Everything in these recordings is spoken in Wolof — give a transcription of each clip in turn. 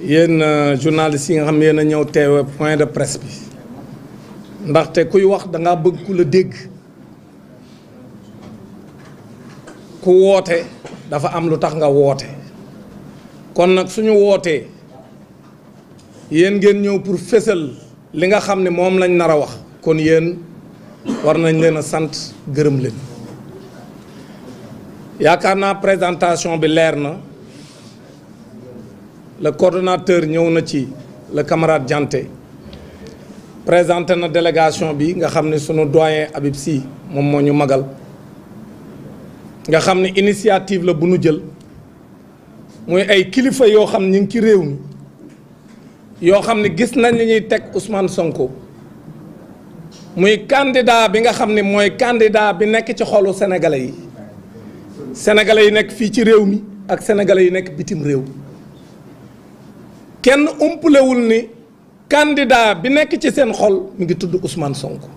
yéen euh, journalistes yi nga xam yéen a ñëw teewe point de presse bi ndaxte kuy wax da bëgg ku la dégg ku woote dafa am lu tax nga woote kon nag suñu wootee yéen ngeen ñëw pour fésal li nga xam ne moom lañ nar a wax kon yéen war nañ leen a sant gërëm leen yaakaar naa présentation bi leer na le coordonnateur ñëw na ci la camarade Dianté présenté na délégation bi nga xam ne sunu doyen Habib si moom moo ñu magal nga xam ne initiative la bu nu jël muy ay kilifa yoo xam ne ñu ngi ci réew mi yoo xam ne gis nañ li ñuy teg Ousmane Sonko muy candidat bi nga xam ne mooy candidat bi nekk ci xolu sénégalais yi sénégalais yi nekk fii ci réew mi ak sénégalais yi nekk bitim réew. kenn umpalewul ni candidat bi nekk ci seen xol mu ngi tudd Ousmane Sonko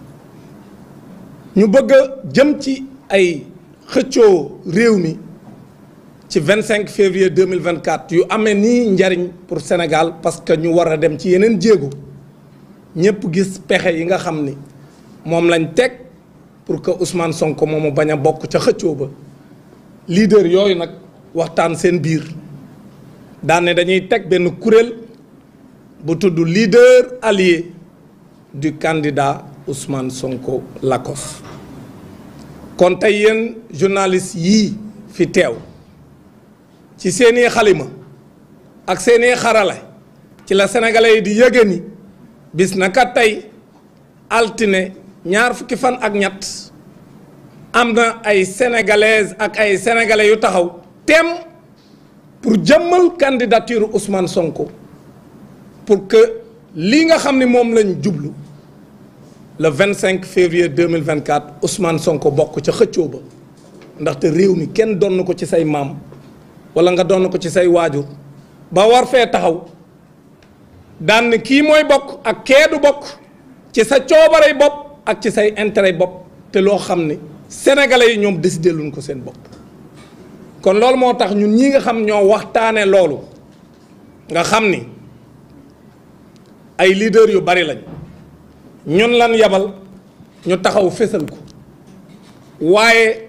ñu bëgg a jëm ci ay xëccoo réew mi ci 25 février 2024 yu amee nii njariñ pour Sénégal parce que ñu war a dem ci yeneen jéego ñëpp gis pexe yi nga xam ni moom lañ teg pour que sonk moom mu bañ a bokk ca xëccoo ba leader yooyu nag waxtaan seen biir. daan dañuy teg benn kuréel bu tudd leader allié du kandidaa Ousmane Sonko Lakos kon tey yéen journaliste yii fi teew ci seeni xalima ak seeni xarala ci la sénégalais yi di yëge ni bis na kat tey altine ñaar fukki fan ak ñett am na ay sénégalaises ak ay sénégalais yu taxaw tem pour jëmmal candidature Ousmane Sonko pour que lii nga xam ne moom lañ jublu le 25 février 2024 Ousmane Sonko bokk ca xëccoo ba ndaxte réew mi kenn donn ko ci say maam wala nga donn ko ci say waajur ba war fee taxaw daan ne kii mooy bokk ak kee bokk ci sa coobarey bopp ak ci say intérêt bopp te loo xam ne sénégale yi ñoom décidé luñ ko seen bopp. kon loolu moo tax ñun ñi nga xam ñoo waxtaane loolu nga xam ni ay liider yu bari lañ ñun lan yabal ñu taxaw fésal ko waaye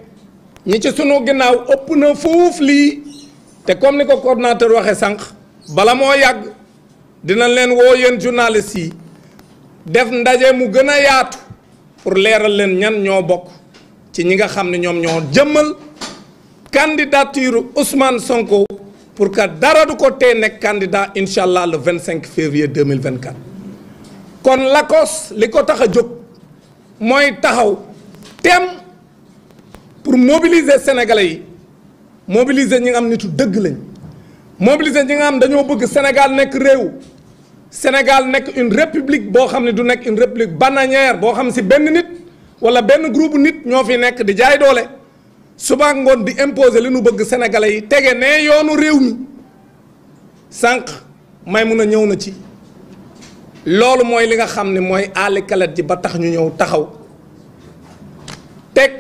ñi ci sunu ginnaaw ëpp na foofu lii te comme ni ko coordonnateur waxee sànq bala moo yàgg dina leen woo yéen journaliste yi def ndaje mu gën a yaatu pour leeral leen ñan ñoo bokk ci ñi nga xam ne ñoom ñoo jëmmal candidature Ousmane Sonko pour que dara du ko tee nekk candidat incha allah le 25 février 2024. kon Lacoste li ko tax a jóg mooy taxaw tem pour mobiliser sénégalais yi mobiliser ñi nga am nitu dëgg lañ mobiliser ñi nga am dañoo bëgg Sénégal nekk réew. Sénégal nekk une république boo xam ne du nekk une république bananière boo xam si benn nit wala benn groupe nit ñoo fi nekk di jaay doole. suba ngoon di imposer li nu bëgg sénégalais yi tege ne yoonu réew mi sànq may mun a ñëw na ci loolu mooy li nga xam ni mooy àll kalet ji ba tax ñu ñëw taxaw teg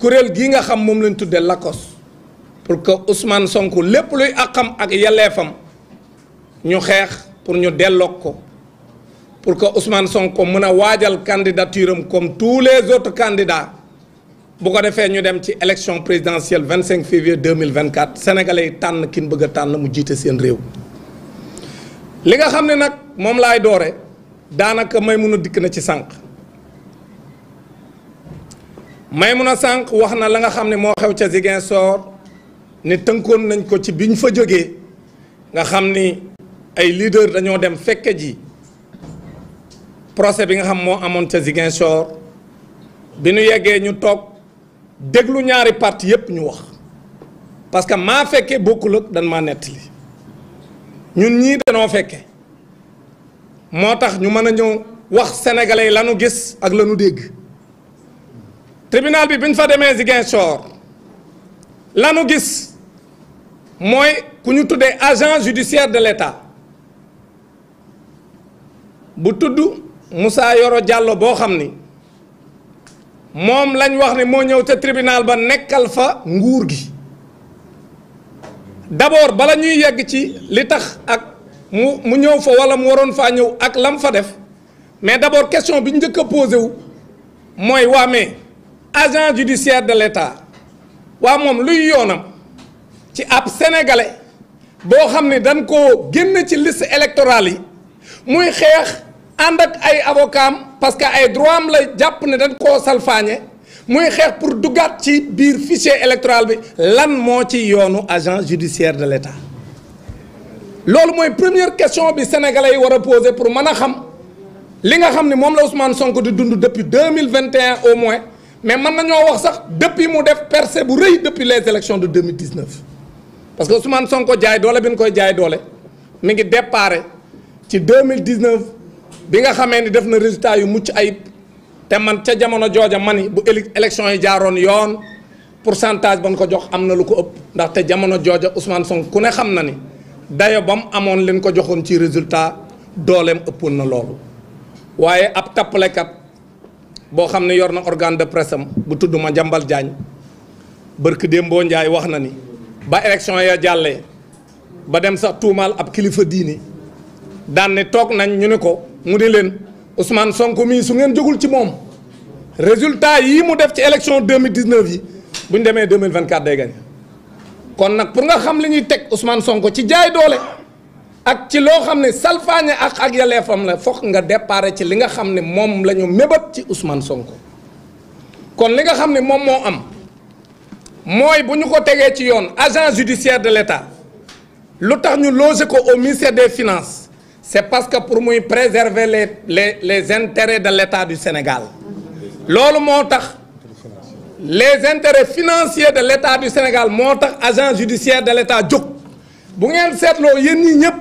kuréel gii nga xam moom lañ tuddee lakos pour que Ousmane Sonko lépp luy àqam ak yelleefam ñu xeex pour ñu delloog ko pour que Ousmane Sonko mën a waajal candidature am comme tous les autres candidats bu ko defee ñu dem ci élection présidentielle 25 février 2024 sénégalais yi tànn kin bëgg a tànn mu jiite seen réew li nga xam ne nag moom laay doore daanaka a dikk na ci sànq Maymuna sànq wax na la nga xam ne moo xew ca Ziguinchor ne tënkoon nañ ko ci bi fa jógee nga xam ni ay leader dañoo dem fekke ji procès bi nga xam moo amoon ca Ziguinchor bi ñu yeggee ñu toog déglu ñaari parti yépp ñu wax parce que maa fekkee bokkul ak dan maa nettali ñun ñii danoo fekke moo tax ñu mën a ñëw wax sénégalais yi lanu gis ak lanu dégg tribunal bi bi ñu fa demee Ziguinchor lanu gis mooy ku ñu tuddee agent judiciaire de l'État bu tudd Moussa Yoro Diallo boo xam ni moom lañ wax ne moo ñëw ca tribunal ba nekkal fa nguur gi d'abord bala ñuy yegg ci li tax ak mu mu ñëw fa wala mu waroon faa ñëw ak lam fa def mais d'abord question bi ñu njëkk a posé wu mooy waa mais agent judiciaire de l'État waa moom luy yoonam ci ab sénégalais boo xam ne dañ ko génn ci list électorale yi muy xeex ànd ak ay avocaam parce que ay droit am la jàpp ne dañ koo salfaañe muy xeex pour duggaat ci biir fichier électoral bi lan moo ci yoonu agent judiciaire de l'État loolu mooy première question bi sénégalais yi war a poser pour mën a xam li nga xam ne moom la Ousmane Sonko di dund depuis deux mille vingt et au moins mais mën nañoo wax sax depuis mu def percée bu rëy depuis les élections de deux mille dix neuf parce que Ousmane Sonko jaay doole bi ñu koy jaay doole mi ngi déparé ci deux mille dix neuf bi nga xamee ni def na résultat yu mucc ayib te man ca jamono jooja ma ni bu élection yi jaaroon yoon pourcentage ba ñu ko jox am na lu ko ëpp ndaxte jamono jooja Ousmane Sonko ku ne xam na ni dayo ba mu amoon leen ko joxoon ci résultat dooleem ëppoon na loolu waaye ab tappalekat boo xam ne yor na organe de presse bu tudd ma jàmbal jaañ bërk démboo njaay wax na ni ba élection ya jàllee ba dem sax tuumaal ab kilifa diini daan ne toog nañ ñu ne ko mu ne leen Ousmane sonk mii su ngeen jógul ci moom résultat yii mu def ci élection 2019 yi bu ñu demee 2024 day gagné kon nag pour nga xam li ñuy teg Ousmane Sonko ci jaay doole ak ci loo xam ne salfaañe ak ak yelleefam la foog nga déparé ci li nga xam ne moom la ñu mébat ci Ousmane sonk kon li nga xam ne moom moo am mooy bu ñu ko tegee ci yoon agent judiciaire de l' lu tax ñu logé ko au ministère des finances c'est parce que pour muy préserver les les les intérêts de l'État du Sénégal loolu moo tax les intérêts financiers de l'État du Sénégal moo tax agent judiciaire de l'État jóg bu ngeen seetloo yéen ñi ñëpp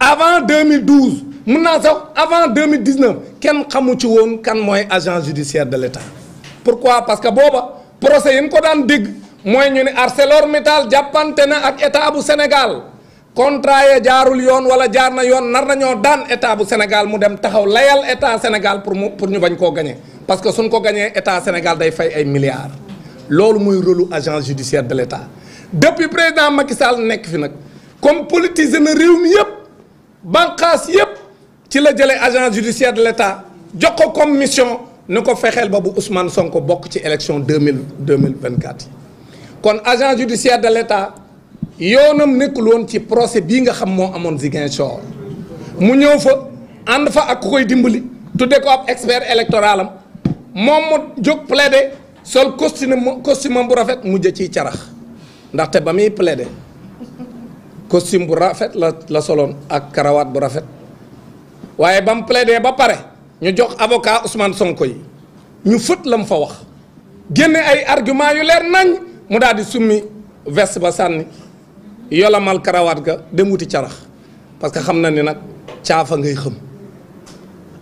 avant deux 2012 mun naa sax avant deux 2019 kenn xamu ci woon kan mooy agent judiciaire de l'État pourquoi parce que booba procès yi ñu ko daan dégg mooy ñu ne ArcelorMittal jàppante na ak État bu Sénégal contrat ya jaarul yoon wala jaar na yoon nar nañoo daan état bu Sénégal mu dem taxaw layal état Sénégal pour mu pour ñu bañ koo gagné parce que suñ ko gañee état Sénégal day fay ay milliards loolu muy rôlu agence judiciaire de l' état depuis président Macky Sall nekk fi nag comme politiser na réew mi yëpp banqaas yëpp ci la jëlee agence judiciaire de l' état jox ko comme mission ni ko fexeel ba bu Ousmane sonk bokk ci élection deux mille deux mille vingt quatre kon agent judiciaire de l' état yoonam nekkuloon ci procès bii nga xam moo amoon Ziguinchor mu ñëw fa ànd fa ak koy dimbali tudde ko ab expert électoral am moom mu jóg plaider sol costume costume bu rafet mujj ci carax ndaxte ba muy plaider costume bu rafet la la soloon ak karawaat bu rafet waaye ba mu plaider ba pare ñu jox avocat Ousmane Sonko yi ñu fët la mu fa wax génne ay argument yu leer nañ mu daal di summi veste ba sànni yolamal karawaat ga dem wuti carax parce que xam na ni nag caafa ngay xëm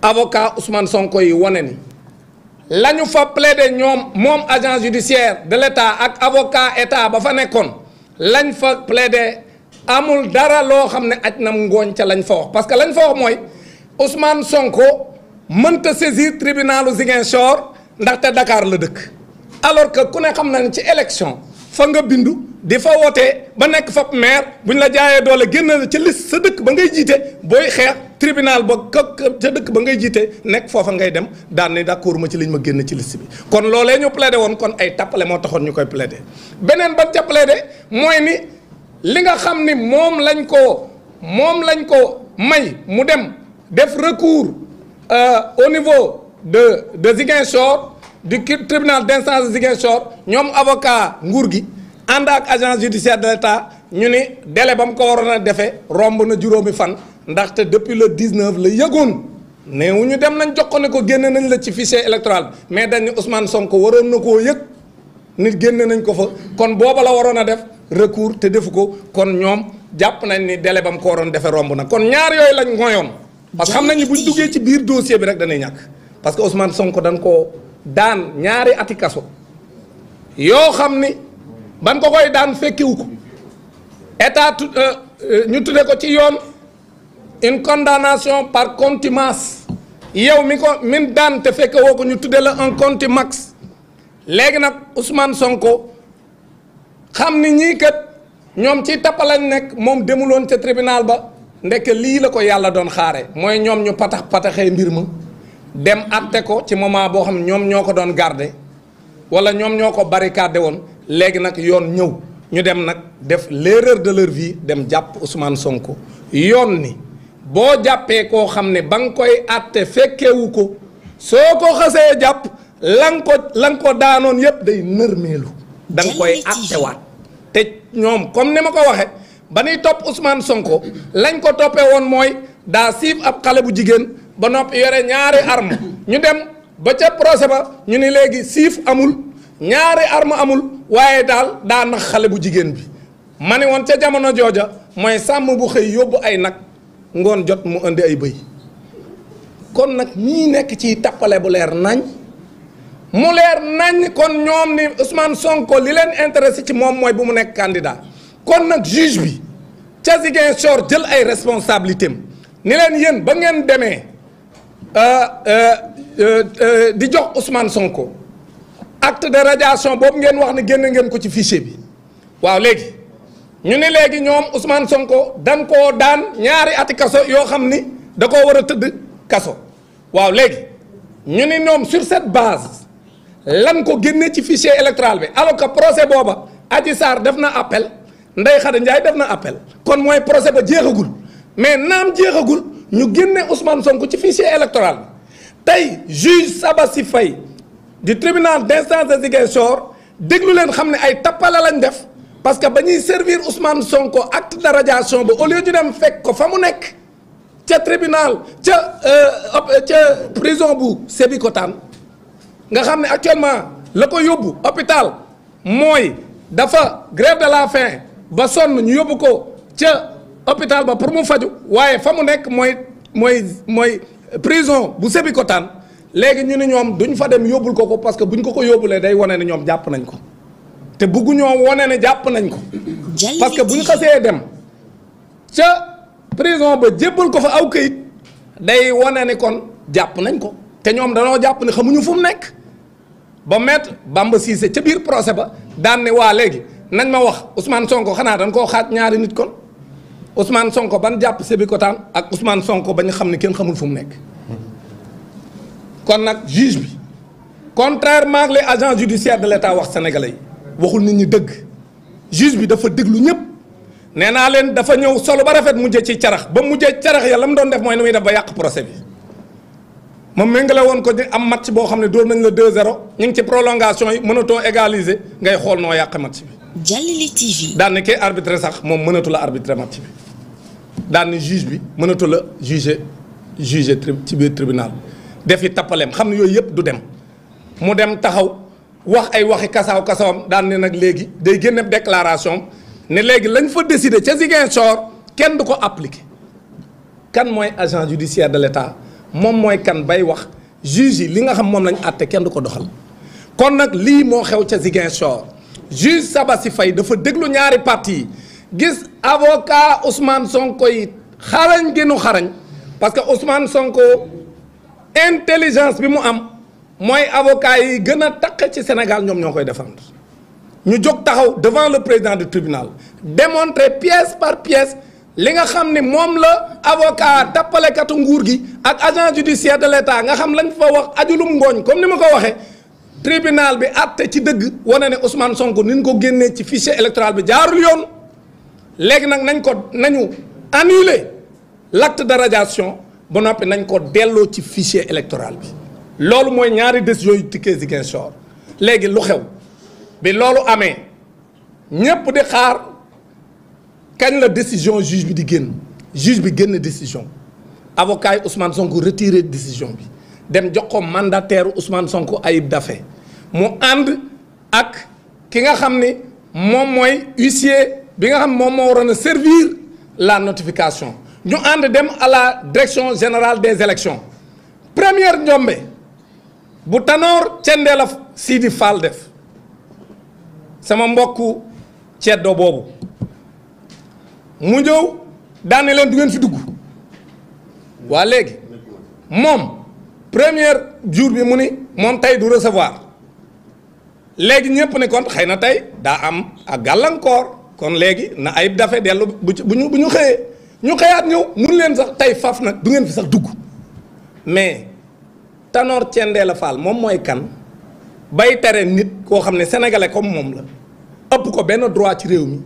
avocat Ousmane Sonko yi wane ni lañu ñu fa plaidé ñoom moom agent judiciaire de l'État ak avocat état ba fa nekkoon lañ fa plaidé amul dara loo xam ne aj na ngooñ ca lañ fa wax parce que lañ fa wax mooy Ousmane Sonko mënta saisir tribunalu Ziguinchor ndaxte dakaar la dëkk alors que ku ne xam na ne ci élection fa nga bindu di fa wootee ba nekk fab maire bu ñu la jaayee doole génn la ca liste sa dëkk ba ngay jiite booy xeex tribunal ba ka ca dëkk ba ngay jiite nekk foofa ngay dem daan ni d'accord ma ci liñ ma génn ci liste bi kon loolee ñu plaidé woon kon ay tappale moo taxoon ñu koy plaidé beneen ba ca plaidé mooy ni li nga xam ni moom lañ ko moom lañ ko may mu dem def recours euh, au niveau de de Ziguinchor du tribunal d'instance de Ziguinchor ñoom avocat nguur gi ànd ak agence judiciaire de l'État ñu ni délai ba mu ko waroon a defee romb na juróomi fan ndaxte depuis le 19 la yëgoon wu ñu dem nañ jox ko ne ko génne nañ la ci fichier électoral mais dañ ne Ousmane Sonko waroon na koo yëg nit génne nañ ko fa kon booba la waroon a def recours te defu ko kon ñoom jàpp nañ ni délai ba mu ko waroon defee romb na kon ñaari yooyu lañ ngoyoon parce que xam nañ ni buñ duggee ci biir dossier bi rek danay ñàkk parce que Ousmane Sonko dañ koo daan ñaari ati ban ko koy daan fekkiwu ko état euh, euh, ñu tudde ko ci yoon une condamnation par contumace yow mi ko min daan te fekke ko ñu tudde la un contumax léegi nag Ousmane Sonko xam ni ñii kat ñoom ci tappalañ nekk moom demuloon ca tribunal ba ndekk lii la ko yàlla doon xaare mooy ñoom ñu patax pataxee mbir ma dem atte ko ci moment boo xam ñoom ñoo ko doon garde wala ñoom ñoo ko barricade woon léegi nag yoon ñëw ñu dem nag def l'erreur de leur vie dem jàpp Ousmane Sonko yoon ni boo jàppee koo xam ne ba nga koy àtte fekkewu ko soo ko xasee jàpp la nga ko la nga ko daanoon yépp day nërmeelu da nga koy àttewaat te ñoom comme ni ma ko waxe ba ñuy topp Ousmane Sonko lañ ko toppee woon mooy daa siif ab xale bu jigéen ba noppi yore ñaari arm ñu dem ba ca procès ba ñu ni léegi siif amul ñaari arme amul waaye daal daa nax xale bu jigéen bi ma ne woon ca jamono jooja mooy sàmm bu xëy yóbbu ay nag ngoon jot mu indi ay bëy kon nag ñii nekk ci tappale bu leer nañ mu leer nañ kon ñoom ni Ousmane Sonko li leen intéressé ci moom mooy bu mu nekk candidat kon nag juge bi ca Ziguinchor jël ay responsabilité ni leen yéen ba ngeen demee euh, euh, euh, di jox Ousmane Sonko acte de radiation boobu ngeen wax ne génn ngeen ko ci fichier bi waaw léegi ñu ne léegi ñoom Ousmane Sonko dan koo daan ñaari ati kaso yoo xam ni da koo war a tëdd kaso waaw léegi ñu ne ñoom sur cette base lan ko génne ci fichier électoral bi alors que procès booba Adji Sarr def na appel Ndeye Khady Ndiaye def na appel kon mooy procès ba jeexagul mais naam jeexagul ñu génne Ousmane Sonko ci fichier électoral bi tey juge si Faye du tribunal d'instance de Ziguinchor déglu leen xam ne ay tappale def parce que ba ñuy servir Ousmane Sonko acte de radiation bi au lieu ñu fekk ko fa mu nekk ca tribunal ca euh, ca prison bu Sébikotane nga xam ne actuellement la ko yóbbu hôpital mooy dafa grève de la faim ba sonn ñu yóbbu ko ca hôpital ba pour mu faju waaye fa mu nekk mooy mooy mooy prison bu sebi Sébikotane léegi ñu ne ñoom duñ fa dem yóbbul ko ko parce que ñu ko ko yóbbulee day wane ne ñoom jàpp nañ ko te bëggu ñoom wane jàpp nañ ko. parce que buñ xasee dem ca prison ba jébbal ko fa aw kayit day wane ne kon jàpp nañ ko te ñoom danoo jàpp ne xamuñu fu mu nekk ba maître Bamba Cissé ca biir procès ba daan ne waa léegi nañ ma wax Ousmane Sonko xanaa dañ koo xaaj ñaari nit kon Ousmane Sonko ban jàpp Sébikotane ak Ousmane Sonko ba ñu xam ne kenn xamul fu mu nekk. kon nag juge bi contrairement ak les agents judiciaires de l' état wax sénégalais yi waxul nit ñi dëgg juge bi dafa déglu ñëpp nee naa leen dafa ñëw solo ba rafet mujjee ci carax ba mujjee carax ya la mu doon def mooy ni muy def ba yàq procès bi. ma méngale woon ko am match boo xam ne dóor nañ la 2-0 ñu ngi ci prolongation yi mënatoo égaliser ngay xool noo yàq match bi. Jàllale TV. daan na kee arbitré sax moom mënatu la arbitré match bi daan na juge bi mënatu la juger juger ci biir tribunal defi tappaleem xam ne yooyu yëpp du dem mu dem taxaw wax ay waxi kasaaw kasaawam daan ne nag léegi day génne déclaration ne léegi lañ fa décider ca Ziguinchor kenn du ko appliquer kan mooy agent judiciaire de l'État moom mooy kan bay wax juge yi li nga xam moom lañ àtte kenn du ko doxal kon nag lii moo xew ca Ziguinchor juge Sabassi fay dafa déglu ñaari parti yi gis avocat Ousmane Sonko yi xarañ gënu xarañ parce que Ousmane Sonko intelligence bi mu am mooy avocat yi gën a taq ci Sénégal ñoom ñoo koy défendre ñu jóg taxaw devant le président du tribunal démontrer pièce par pièce li nga xam ne moom la avocat tappalekatu nguur gi ak agent judiciaire de l'État nga xam lañ fa wax ajulum ngooñ comme ni ma ko waxee tribunal bi àtte ci dëgg wane ne Ousmane Sonko ni ñu ko génnee ci fichier électoral bi jaarul yoon léegi nag nañ ko nañu annuler l'acte de radiation ba noppi nañ ko delloo ci fichier électoral bi loolu mooy ñaari décision yu tikkee Ziguinchor léegi lu xew bi loolu amee ñépp di xaar kañ la décision juge bi di génn juge bi génn décision avocat yi Ousmane Sonko retiré décision bi dem jox ko mandataire Ousmane Sonko Ayib dafe mu ànd ak ki nga xam ni moom mooy huissier bi nga xam moom moo waroon a servir la notification ñu ànd dem à la direction générale des élections première njombe bu Tanor Thiendella Sidi Fall def sama mbokku ceddo boobu mu jëw daane leen du ngeen fi dugg waa léegi moom première jour bi mu ni moom tey du recevoir léegi ñëpp ne kon xëy na tey daa am ak gàllankoor kon léegi na ay dafe dellu bu bu ñu bu ñu xëyee ñu xëyaat ñëw mun leen sax tey faaf nag du ngeen fi sax dugg mais tanoor Tanor la Fall moom mooy kan bay tere nit koo xam ne sénégalais comme moom la ëpp ko benn droit ci réew mi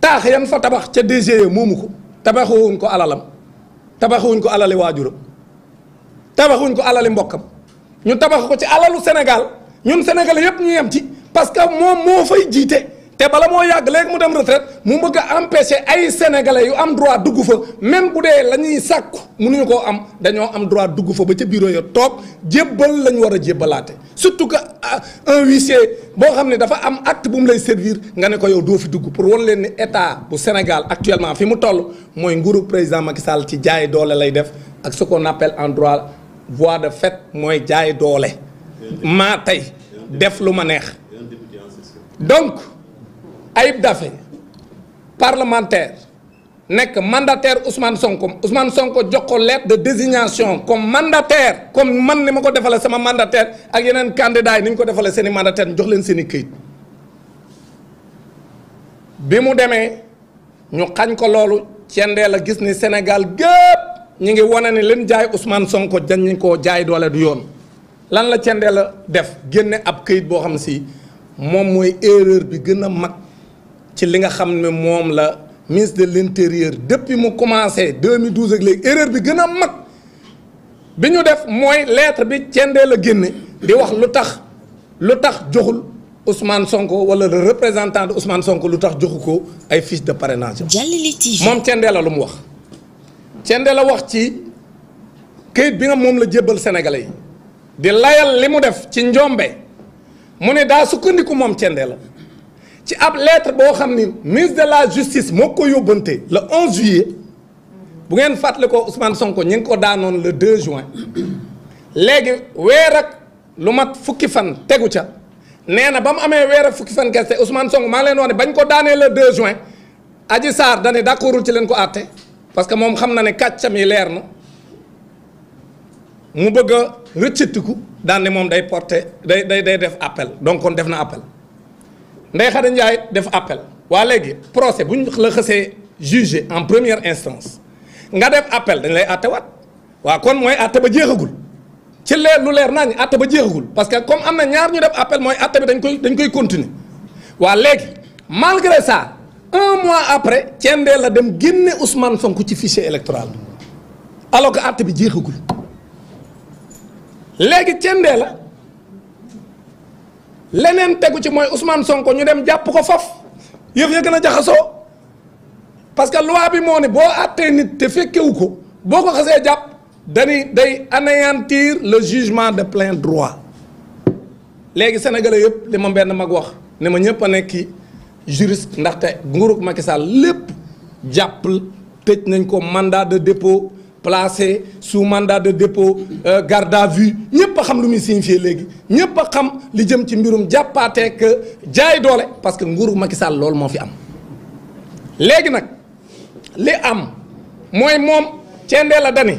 taax yan fa tabax ca DGE moomu ko tabaxuwuñ ko alalam tabaxuwuñ ko alali waajuram tabaxuñ ko alali mbokkam ñu tabax ko ci alalu Sénégal ñun sénégalais yëpp ñu yem ci parce que moom moo fay jiite. te bala moo yàgg léegi mu dem retraite mu bëgg a empêcher ay sénégalais yu am droit dugg fa même bu dee la ñuy sàkku mënuñu koo am dañoo am droit dugg fa ba ca bureau ya toog jébbal la ñu war a jébbalaate surtout que ah, un huissier boo xam ne dafa am acte bu mu lay servir nga ne ko yow doo fi dugg pour wan leen ni état bu Sénégal actuellement fi mu toll mooy nguuru président Macky Sall ci jaay doole lay def ak ce qu'on appelle en droit voie de fait mooy jaay doole maa tey def lu ma neex Ayib Daffé parlementaire nekk mandataire Ousmane Sonko Ousmane Sonko jox ko lettre de désignation comme mandataire comme man ni ma ko defalee sama mandataire ak yeneen candidats yi ni ñu ko defalee seeni i mandataire jox leen seeni i këyit bi mu demee ñu xañ ko loolu cendee la gis ni Sénégal gépp ñu ngi wane ni leen jaay Ousmane Sonko dañ koo jaay doole du yoon lan la cendee la def génne ab këyit boo xam si moom mooy erreur bi gën a mag ci li nga xam ne moom la ministre de l'intérieur depuis mu commencé 2012 ak léegi erreur bi gën a mag bi ñu def mooy lettre bi cendee la génne di wax lu tax lu tax joxul Ousmane Sonko wala le représentant de Ousmane Sonko lu tax joxu ko ay fiche de parrainage. moom cendee la lu mu wax. cendee la wax ci këyit bi nga moom la jébbal sénégalais yi di layal li mu def ci njombe mu ne daa sukkandiku moom cendee la. ci ab lettre boo xam ni ministre de la justice moo ko yóbbante la 11 juillet bu ngeen fàttali ko usman Sonko ñu ngi ko daanoon le 2 juin léegi weer ak lu mat fukki fan tegu ca nee na ba mu amee weer ak fukki fan gerte Ousmane Sonko maa ngi leen wax ne bañ ko daanee le 2 juin Adji Sarr dane d'accordul ci leen ko àtte parce que moom xam na ne kàccam yi leer na mu bëgg a rëccatiku daan ne moom day porter day day day def appel donc kon def na appel. Ndeye Khady Ndiaye def appel waa léegi procès bu ñu la xësee jugé en première instance nga def appel dañ lay àttewaat waa kon mooy àtte ba jeexagul ci leer lu leer naa ñu àtte ba jeexagul parce que comme am na ñaar ñu def appel mooy àtte bi dañ koy dañ koy continuer waa léegi malgré ça un mois après Thiendella la dem génne Ousmane ko ci fichier électoral alors que àtte bi jeexagul léegi Thiendella la. leneen tegu ci mooy Ousmane Sonko ñu dem jàpp ko faf yëpp ya na a jaxasoo parce que loi bi moo ne boo àttee nit te fekkewu ko boo ko xasee jàpp dañuy day anéantir le jugement de plein droit léegi sénégalais yëpp li ma benn mag wax ne ma ñëpp a nekki juriste ndaxte nguurug Macky Sall lépp jàpp tëj nañ ko mandat de dépôt placé sous mandat de dépôt euh, garde à vue ñëpp a xam lu muy signifié léegi ñëpp a xam li jëm ci mbirum jàppaatee euh, que jaay doole parce que nguuru Macky Sall loolu moo fi am léegi nag li am mooy moom cendee la dani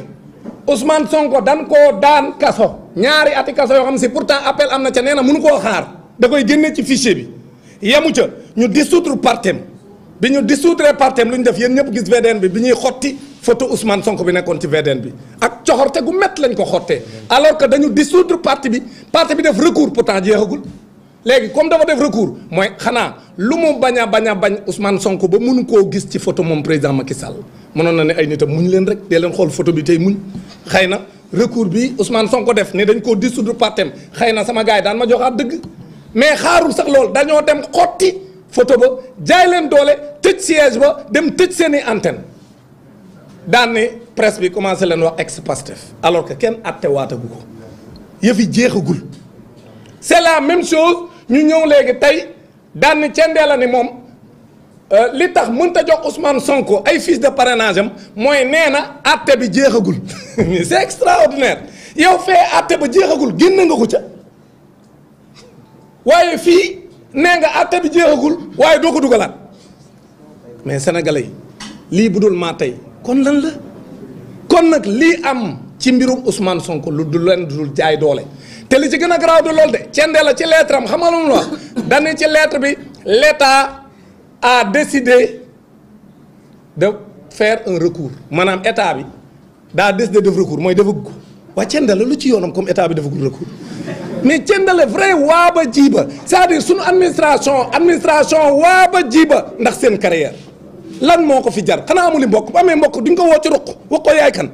Ousmane Sonko dan koo daan kaso ñaari ati kaso yoo xam si pourtant appel am na ca nee na mënu koo xaar da koy génne ci fichier bi yemu ca ñu dissoudre partem bi ñu dissoudre partem lu ñu def yéen ñëpp gis VDN bi bi ñuy xotti photo Ousmane Sonko bi nekkoon ci VDN bi ak coxorte gu métti lañ ko xottee alors que dañu dissoudre parti bi parti bi def recours pourtant jeexagul léegi comme dafa def recours mooy xanaa lu mu bañ a bañ a bañ Ousmane Sonko ba mënu koo gis ci photo moom président Macky Sall mënoon na ne ay nitam muñ leen rek dee leen xool photo bi tey muñ xëy na recours bi Ousmane Sonko def ne dañ koo dissoudre partem xëy na sama gars yi daan ma joxaat dëgg mais xaarul sax loolu dañoo dem xotti. photo ba jaay leen doole tëj siège ba dem tëj seeni antenne daan ne presse bi commencé leen wax ex Pastef alors que kenn atte waatagu ko yëf yi jeexagul c'est la même chose ñu ñëw léegi tey daan ne cendee la ni moom euh, li tax mënta jox Ousmane Sonko ay fiches de parrainage am mooy nee na atte bi jeexagul c'est extraordinaire yow fee atte ba jeexagul génn nga ko ca waaye fii. nee nga atte bi jeexagul waaye doo ko dugalaat mais sénégalais lii bu dul maa tey kon lan la kon nag lii am ci mbirum Ousmane sonk lu du leen dul jaay doole te li ci gën a garaaw de loolu de cende la ci lettre am xamal lu wax dañu ci lettre bi l'État a décidé de faire un recours maanaam état bi daa décidé def recours mooy defagul ko waa cendee la lu ci yoonam comme état bi defagul recours mais cendale vrai waaba jiiba c'est-à-dire suñu administration administration waaba jiiba ndax seen carrière lan moo ko fi jar xanaa amuli mbokk bu amee mbokk duñ ko woo ci ruq wax ko yaay kan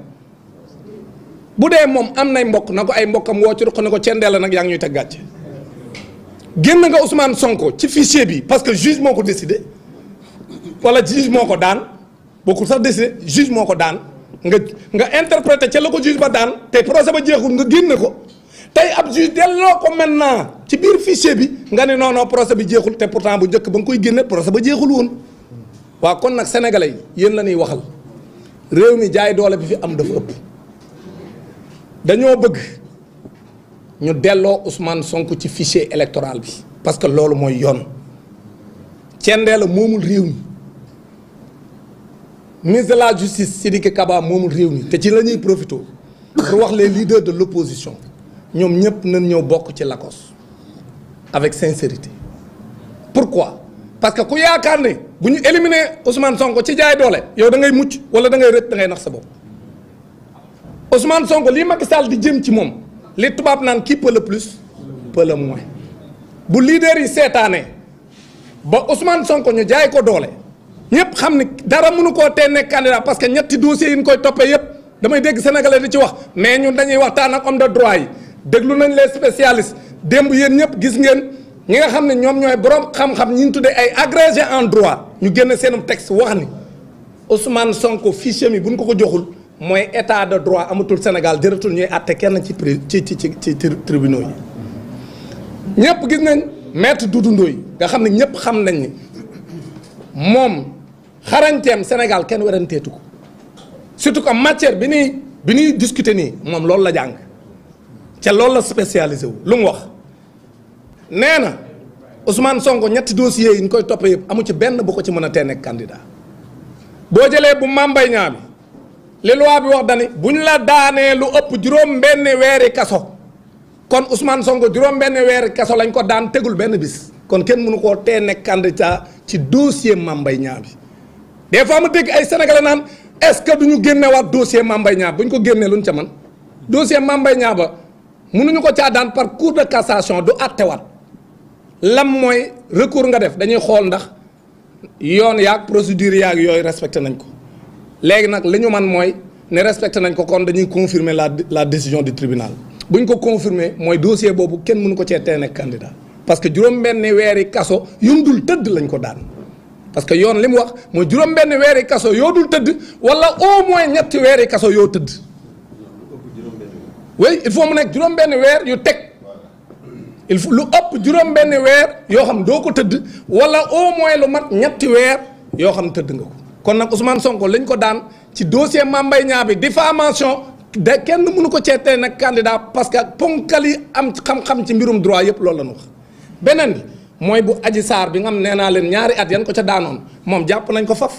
bu dee moom am nay mbokk na ko ay mbokkam woo ci ruq ne ko cendale nag yaa ngi ñuy teg gàcce génn nga Ousmane Sonko ci fichier bi parce que juge moo ko décidé wala juge moo ko daan bokkul sax décidé juge moo ko daan nga nga interprété ce la ko juge ba daan te procès ba jeexul nga génne ko tey ab juge delloo ko maintenant ci biir fichier bi nga ne non non procès bi jeexul te pourtant bu njëkk ba nga koy génne procès ba jeexul woon waaw kon nag sénégalais yi yéen la ñuy waxal réew mi jaay doole bi fi am dafa ëpp dañoo bëgg ñu delloo Ousmane Sonko ci fichier électoral bi parce que loolu mooy yoon cendee la moomul réew mi ministre de la justice Sidiki Kaba moomul réew mi te ci la ñuy profité pour wax lee leaders de l'opposition ñoom ñëpp nañ ñëw bokk ci lakos avec sincérité quoi parce que ku yaakaar ne bu ñu éliminer Ousmane Sonko ci jaay doole yow da ngay mucc wala dangay ngay rëcc da nax sa bopp Ousmane Sonko lii Macky Sall di jëm ci moom li tubaab naan qui peut le plus peut le moins bu leader yi seetaanee ba Ousmane Sonko ñu jaay ko doole ñëpp xam ni dara mënu koo tee nekk candidat parce que ñetti dossiers yi ñu koy toppee yëpp damay dégg sénégalais di ci wax mais ñun dañuy waxtaan ak homme de droit yi. déglu nañ les spécialistes démb yéen ñëpp gis ngeen ñi nga xam ne ñoom ñooy borom xam-xam ñi ñu tuddee ay agrégé en droit ñu génn seenum texte wax ni Ousmane Sonko fichier mi bu ñu ko ko joxul mooy état de droit amatul Sénégal jëratul ñuy àtte kenn ci ci ci ci ci tribunaux yi ñëpp gis nañ maître du Ndoye nga xam ne ñëpp xam nañ ni moom xarañteem Sénégal kenn weranteetu ko surtout que matière bi ñuy bi ñuy discuter nii moom loolu la jàng. ca loolu la spécialisé wu lu mu wax nee na Ousmane songo ñetti dossiers yi ñu koy toppee yëpp amu ci benn bu ko ci mën a tee nekk candidat boo jëlee bu mambay ñaami li loi bi wax dani bu ñu la daanee lu ëpp juróom benn weeri kaso kon Ousmane songo juróom benn weeri kaso lañ ko daan tegul benn bis kon kenn mënu koo tee nekk candidat ci dossier mambay ñaami des fois ma dégg ay sénégalais naan est que du ñu génnewaat dossier mambay ñaam bu ñu ko génnee lu luñ ca man dossier mambay ñaam ba munuñu ko caa daan par cour de cassation du àttewaat lam mooy recours nga def dañuy xool ndax yoon yaag procédure yaag yooyu respecté nañ ko léegi nag li ñu man mooy ne respecté nañ ko kon dañuy confirmer la la décision du tribunal buñ ko confirmer mooy dossier boobu kenn mënu ko cee tee nekk candidat parce que juróom-benni weeri kaso yum dul tëdd lañ ko daan parce que yoon li mu wax mooy juróom-benni weeri kaso yoo dul tëdd wala au moins ñetti weeri kaso yoo tëdd oui il faut mu nekk juróom-benn weer yu teg il faut lu ëpp juróom-benn weer yoo xam doo ko tëdd wala au moins lu mat ñetti weer yoo xam tëdd nga ko kon nag Ousmane Sonko lañ ko daan ci dossier Mame Mbaye Niang bi diffamation de kenn mënu ko ceetee nag candidat parce que ponkal yi am xam-xam ci mbirum droit yëpp loolu la ñu wax beneen bi mooy bu aji saar bi nga xam nee naa leen ñaari at yan ko ca daanoon moom jàpp nañ ko faf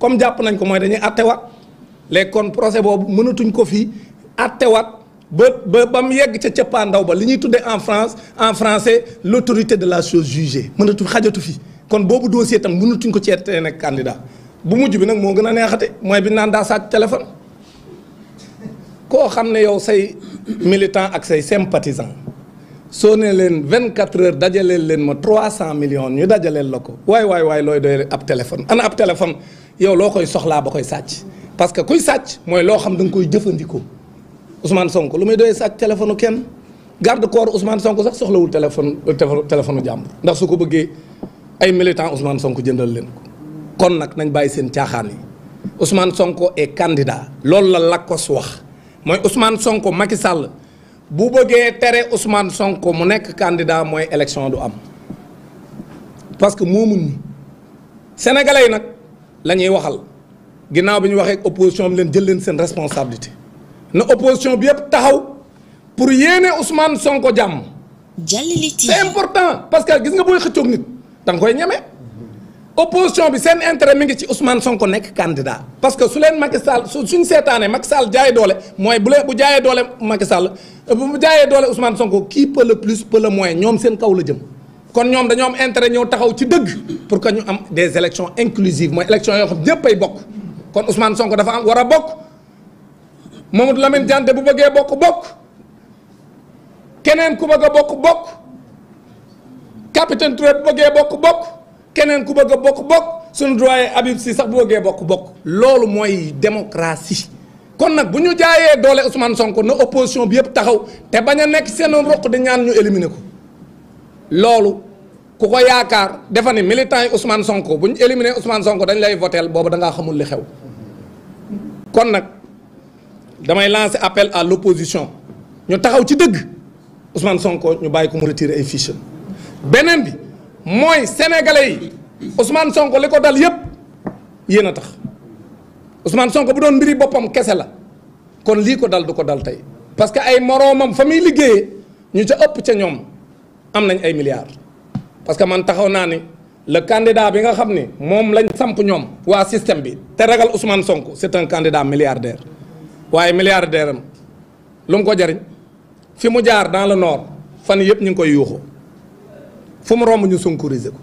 comme jàpp nañ ko mooy dañuy attewaat léegi kon boobu mënatuñ ko fii attewaat ba ba ba mu yegg ca cëppaandaw ba li ñuy tuddee en France en français l'autorité de la chose jugée mënatu xajatu fi kon boobu dossier tam mënatuñ ko ceetee nekk candidat bu mujj bi nag moo gën a neexate mooy bi naan daa sàcc téléphone koo xam ne yow say militant ak say sympathisant soo nee leen 24 heures dajaleel leen ma 300 millions ñu dajaleel la ko waaye waaye waay looy doy ab téléphone ana ab téléphone yow loo koy soxlaa ba koy sàcc parce que kuy sàcc mooy loo xam da nga koy jëfandikoo Ousmane Sonko lu muy doyee sàcc téléphone kenn garde corps Ousmane Sonko sax soxlawul téléphone téléphone jàmbur ndax su ko bëggee ay militant Ousmane Sonko jëndal leen ko kon nag nañ bàyyi seen caaxaan yi Ousmane Sonko est candidat loolu la Lacoste wax mooy Ousmane Sonko Macky Sall bu bëggee tere Ousmane Sonko mu nekk kandidaa mooy élection du am parce que moomuñ ñu sénégalais yi nag lañuy waxal ginnaaw bi ñu waxee opposition bi leen jël leen seen responsabilité. na opposition bi yëpp taxaw pour yéene Ousmane Sonko jàmm. jàllale ci c'est important parce que gis nga booy xëccoog nit da nga koy ñeme. opposition bi seen intérêt mi ngi ci Ousmane Sonko nekk candidat parce que su leen Macky Sall su suñ seetaanee Macky Sall jaay doole mooy bu leen bu jaayee doole Macky Sall euh, bu jaayee doole Ousmane Sonko qui peut le plus peut le moins ñoom seen kaw la jëm. kon ñoom dañoo am intérêt ñëw taxaw ci dëgg pour que ñu am des élections inclusives mooy élections yoo xam ñëpp ay bokk kon Ousmane Sonko dafa am war a bokk. Mamadou Lamine Diante bu bëggee bokk bokk keneen ku bëgg bokk bokk capitaine Touré bu bëggee bokk bokk keneen ku bëgg bokk bokk suñu doyen Habib si sax bu bëggee bokk bokk loolu mooy démocratie kon nag bu ñu jaayee doole Ousmane sonk na opposition bi yëpp taxaw te bañ a nekk seen roq di ñaan ñu éliminer ko loolu ku ko yaakaar defa ne militant yi Ousmane Sonko bu ñu éliminer Ousmane Sonko dañ lay voteel boobu da ngaa xamul li xew kon nag. damay lancer appel à l'opposition ñu taxaw ci dëgg Ousmane Sonko ñu bàyyi ko mu retirer ay fiches beneen bi mooy sénégalais yi Ousmane Sonko li ko dal yépp yéen a tax Ousmane Sonko bu doon mbiri boppam kese la kon lii ko dal du ko dal tey parce que ay moroomam fa muy liggéeyee ñu ca ëpp ca ñoom am nañ ay milliards parce que man taxaw naa ni le candidat bi nga xam ni moom lañ samp ñoom waa système bi te ragal Ousmane Sonko c'est un candidat milliardaire waaye milliardaire am lu mu ko jariñ fi mu jaar dans le noor fan yëpp ñu ngi koy yuuxu fu mu romb ñu sonkorisé ko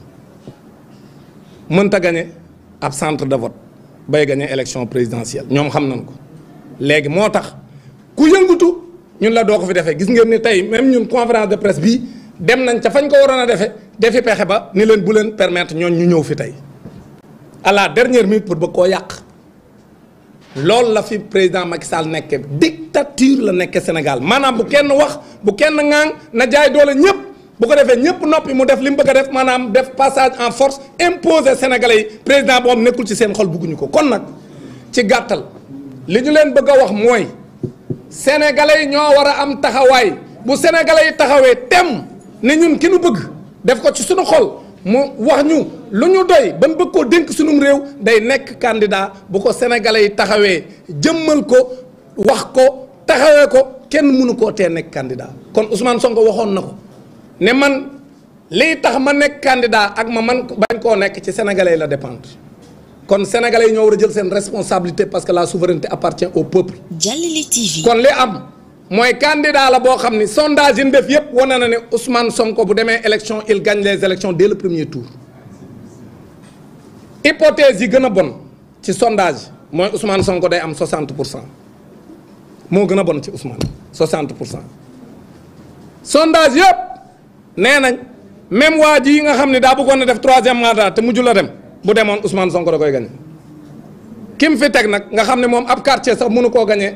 mënta gañe ab centre de vote bay gañe élection présidentielle ñoom xam nañ ko léegi moo tax ku yëngutu ñun la doo ko fi defee gis ngeen ni tey même ñun conférence de presse bi dem nañ ca fañ ko waroon a defee defi pexe ba ni leen bu leen permettre ñoon ñu ñëw fi tey à la mi pour bëgg koo yàq loolu la fi président Macky Sall nekke dictature la nekke Sénégal maanaam bu kenn wax bu kenn ŋaang na jaay doole ñëpp bu ko defee ñëpp noppi mu def li mu bëgg a def maanaam def passage en force imposer Sénégalais yi président boobu nekkul ci seen xol bugguñu ko kon nag ci gàttal li ñu leen bëgg a wax mooy Sénégalais yi ñoo war a am taxawaay bu Sénégalais yi taxawee temm ne ñun ki nu bëgg def ko ci suñu xol mu wax ñu lu ñu doy ban bëgg koo dénk sunum réew day nekk candidat bu ko sénégalais yi taxawee jëmmal ko wax ko taxawee ko kenn mënu koo tee nekk candidat kon Ousmane Sonko waxoon na ko ne man lii tax ma nekk candidat ak ma man bañ koo nekk ci sénégalais la dépendre kon sénégalais yi ñoo war a jël seen responsabilité parce que la souveraineté appartient au peuple. Jàllale kon li am. mooy candidat la boo xam ni sondage yi ñu def wane na ne Ousmane Sonko bu demee élection il gagne les élections dès premier tour. hypothèse yi gën a bon ci sondage mooy Ousmane Sonko day am 60 pour cent moo gën a bon ci Ousmane 60 pour cent sondage yëpp nee nañ même waa ji yi nga xam ne daa bëggoon na def troisième mandat te mu jula dem bu demoon Ousmane Sonko da koy gañe kim fi teg nag nga xam ne moom ab quartier sax mënu koo gañe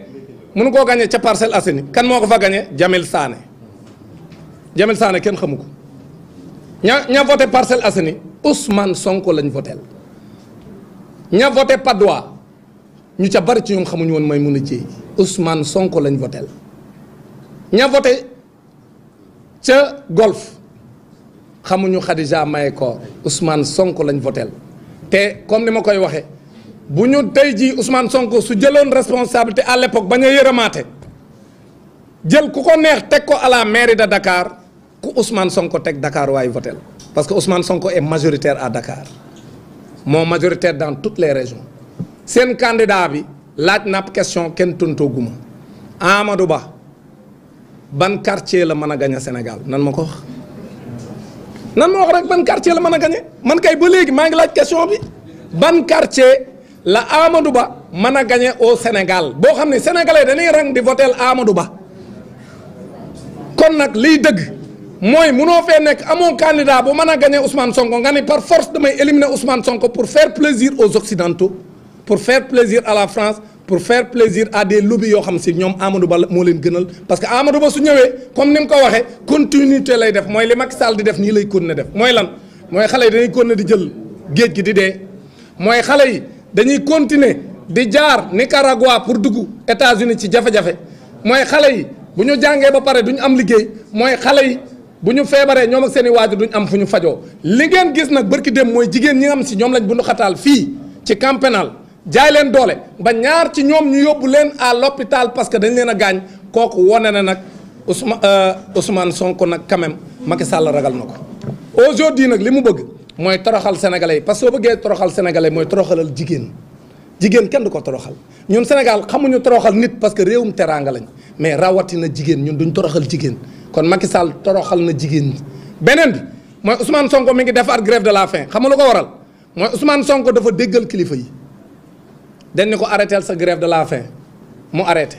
mënu koo gañe ca Parcelles Assainies kan moo ko fa gañe Jamil Sané Jamil Sané kenn xamu ko ña ña voté Parcelles Assainies Ousmane Sonko lañ votel ña voté Padois ñu ca bari ci ñoom xamuñu woon may mun a jéey Ousmane Sonko lañ votel ña voté ca golf xamuñu Khadija Mayekor Ousmane Sonko lañu votel te comme ni ma koy waxe bu ñu tey jii Ousmane Sonko su jëloon responsabilité à l'époque bañ a yërëmaate jël ku ko neex teg ko à la mairie de Dakar ku Ousmane Sonko teg Dakar waaye votel parce que Ousmane Sonko et majoritaire à Dakar moo majoritaire dans toutes les régions seen candidat bi laaj na ab question kenn tontooguma amadu Ba ban quartier la mën a gañe Sénégal nan ma ko wax nan ma wax rek ban quartier la mën a gañe man kay ba léegi maa ngi laaj question bi ban quartier la amadu Ba mën a gañe au Sénégal boo xam ne sénégalais dañuy rang di votel Amadou Ba kon nag liy dëgg mooy munoo fee nekk amoo candidat bu mën a gagné Ousmane Sonko nga ne par force damay éliminer Ousmane Sonko pour faire plaisir aux Occidentaux pour faire plaisir à la France pour faire plaisir à des lobbies yoo xam si ñoom Amadou Ba moo leen gënal parce que Amadou Ba su ñëwee comme ni mu ko waxee continuité lay def mooy li Macky Sall di def nii lay continuer def mooy lan mooy xale yi dañuy continuer di jël géej gi di dee mooy xale yi dañuy continuer di jaar Nicaragua pour dugg États-Unis ci jafe mooy xale yi bu ñu jàngee ba pare du am liggéey mooy xale yi. bu ñu feebaree ñoom ak seeni i waajur duñ am fu ñu fajoo li ngeen gis nag bërki dem mooy jigéen ñi am si ñoom lañ bundu xataal fii ci camp jaay leen doole ba ñaar ci ñoom ñu yóbbu leen à l'hôpital parce que dañ leen a gaañ kooku wone na nag Ousmane euh, Ousmane Sonko nag quand même Macky Sall ragal na ko aujourd'hui nag li mu bëgg mooy toroxal sénégalais yi parce que soo bëggee toroxal sénégalais mooy toroxalal jigéen jigéen kenn du ko toroxal ñun Sénégal xamuñu toroxal nit parce que réewum teraanga mais rawatina jigéen ñun duñ toroxal jigéen kon Macky Sall toroxal na jigéen beneen bi mooy Ousmane Sonko mi ngi defaat grève de la fin xam nga lu ko waral mooy Ousmane Sonko dafa déggal kilifa yi dañ ne ko arrêteel sa grève de la faim mu arrêté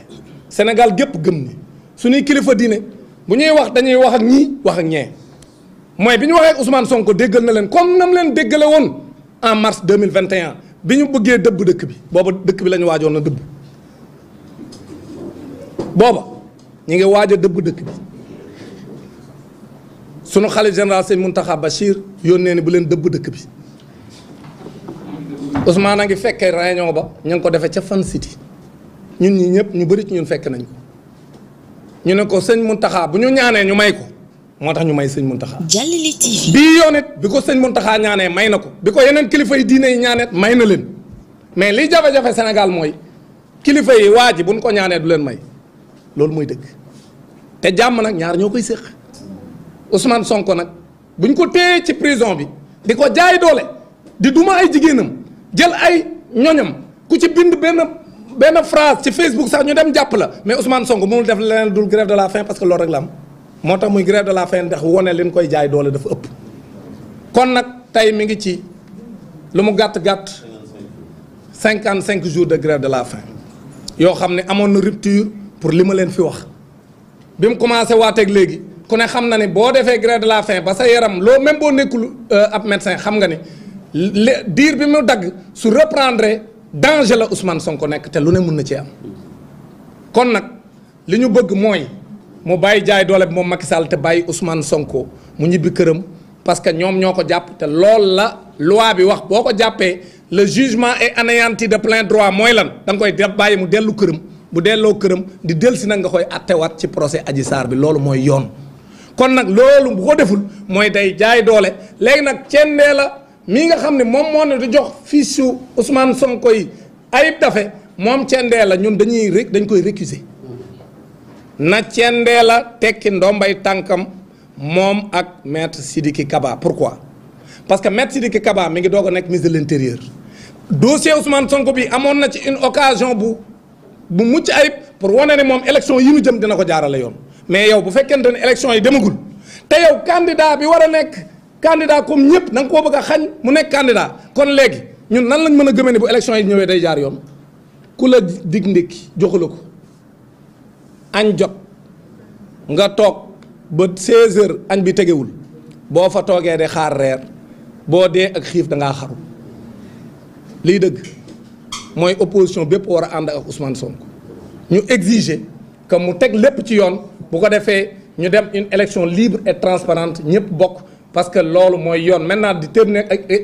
Sénégal gépp gëm ni suñuy kilifa diine bu ñuy wax dañuy wax ak ñii wax ak ñee mooy bi ñu waxee ak Sonko déggal na leen comme nam leen déggale woon en mars 2021 bi ñu buggee dëbb dëkk bi booba dëkk bi la ñu waajoon na dëbb booba ñu ngi waaj a dëbb dëkk bi sunu xalif général sëñ Mountakha Bachir yónnee ni bu leen dëbb dëkk bi Ousmane a ngi fekkee réunion ba ñu ngi ko defee ca Fan City ñun ñi ñëpp ñu bëri ci ñun fekk nañ ko ñu ne ko sëñ Mountakha bu ñu ñaanee ñu may ko moo tax ñu may sëñ Mountakha. Jallale TV bii yoon it bi ko sëñ Mountakha ñaanee may na ko bi ko yeneen kilifa yi diine yi ñaaneet may na leen mais liy jafe-jafe Sénégal mooy kilifa yi waa ji buñ ko ñaanee du leen may loolu mooy dëkk te jàmm nag ñaar ñoo koy séq. Ousmane Sonko nag bu ñu ko téyee ci prison bi di ko jaay doole di duma ay jigéenam jël ay ñoñam ku ci bind benn benn phrase ci Facebook sax ñu dem jàpp la mais Ousmane sonk mënul def leneen dul grève de la fin parce que loolu rek la am moo tax muy grève de la faim ndax wone leen koy jaay doole dafa ëpp kon nag tey mi ngi ci lu mu gàtt gàtt cinquante cinq jours de grève de la faim yoo xam ne amoon na rupture pour li ma leen fi wax bi mu commencé waateeg léegi. ku ne xam na ne boo defee grève de la fin ba sa yaram loo même boo nekkul euh, ab médecin xam nga ne diir bi mu dagg su reprendre danger la Ousmane Sonko nekk te lu ne mun na cee am kon nag li ñu bëgg mooy mu bàyyi jaay doole bi moom Macky Sall te bàyyi Ousmane Sonko mu ñibbi këram parce que ñoom ñoo ko jàpp te loolu la loi bi wax boo ko jàppee le jugement est anéanti de plein droit mooy lan danga koy bàyyi mu dellu këram bu delloo këram di dellusi nag nga koy attewaat ci procès Adji Sarr bi loolu mooy yoon. kon nag loolu bu ko deful mooy day jaay doole léegi nag cendee la mii nga xam ne moom moo ne du jox fii su Ousmane Sonko yi Ayib Daffé moom cendee la ñun dañuy rek dañ koy récuser na cendee la tekki ndombay tànkam moom ak maître Sidiki Kaba pourquoi parce que maître Sidiki Kaba mi ngi doog a nekk ministre de l'intérieur dossier Ousmane Sonko bi amoon na ci une occasion bu bu mucc ayib pour wane ne moom élection yi ñu jëm dina ko jaarale yoon. mais yow bu fekkente ne élection yi demagul te yow candidat bi war a nekk candidat comme ñëpp da nga koo bëgg a xañ mu nekk candidat kon léegi ñun nan lañ mën a gëmee ne bu élection yi ñëwee day jaar yoon ku la dig ndékki joxu la ko añ jot nga toog ba 16 heures añ bi tegewul boo fa toogee de xaar reer boo dee ak xiif dangaa ngaa xaru liy dëgg mooy opposition bépp war a ànd ak Ousmane Sonko ñu exiger que mu teg lépp ci yoon. bu ko defee ñu dem une élection libre et transparente ñëpp bokk parce que loolu mooy yoon maintenant di terminer ak